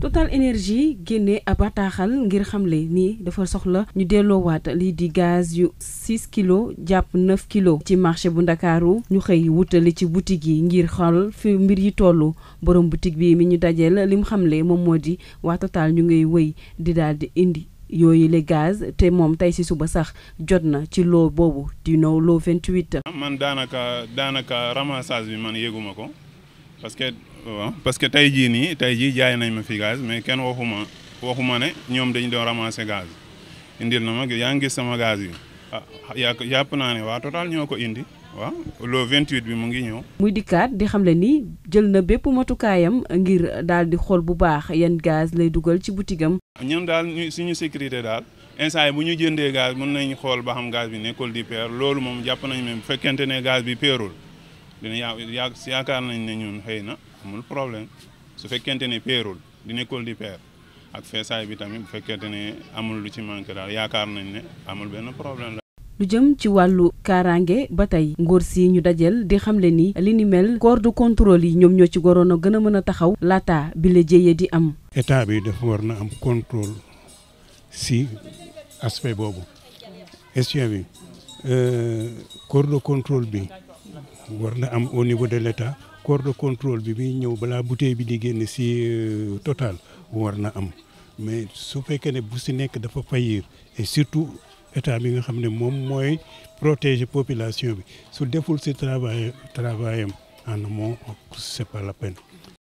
Total Énergie génne ab bataaxal ngir xamle ni dafa soxla ñu delloowaat lii di gaz yu 6 kilos jàpp 9 ci marché bu ndakaaru ñu xëy wutali ci boutique yi ngir xool fi mbir yi toll borom boutique bi mi ñu dajeel lim xamle moom moo di waa Total ñu ngay wëy di daal di indi yooyu le gaz te moom tey si suba sax jot na ci loo boobu di now loo 28. Ah, man daanaka daanaka ramassage bi man yëguma ko parce que parce que tey jii nii tey jii jaay nañ ma fi gaz mais kenn waxuma waxuma ne ñoom dañu doon ramasser gaz indil na ma yaa ngi sama gaz yi ah yàpp naa ne waa Total ñoo ko indi. waaw loo 28 bi mu ngi ñëw. muy dikkaat di xamle ni jël na bépp matukaayam ngir daal di xool bu baax yan gaz lay dugal ci butigam. ñun daal suñu sécurité daal instant yi bu ñu jëndee gaz mën nañ xool ba xam gaz bi nekkul di peer loolu moom jàpp nañ ne bu fekkente ne gaz bi peerul dina yaa yaakaar nañ ne ñun xëy na amul problème su fekkente ne peerul di nekkul di peer. ak feesaay bi tamit bu fekkente ne amul lu ci manqué daal yaakaar nañ ne amul benn problème la lu jëm ci wàllu kaaraange ba tey nguur si ñu dajal di xamle ni li ni mel corps de contrôle yi ñoom ñoo ci waroon a gën a mën a taxaw laata bi la jéyee di am. état bi dafa war na am contrôle si aspect boobu gestion bi euh, corps de contrôle bi war na am au niveau de l' état corps contrôle bi bi ñëw balaa bouteille bi di génn si euh, total war na am mais su fekkee ne bu si nekk dafa faillir et surtout. état bi nga xam ne moom mooy protéger population bi su deful si travail travaillam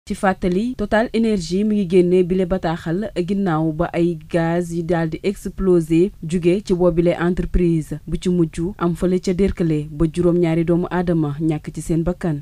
ci fàttali Total Énergie mi ngi génnee bile bataaxal ginnaaw ba ay gaz yi daal di explosé jóge ci boobile entreprise bu ci mujj am fale ca Derklé ba juróom-ñaari doomu aadama ñàkk ci seen bakkan.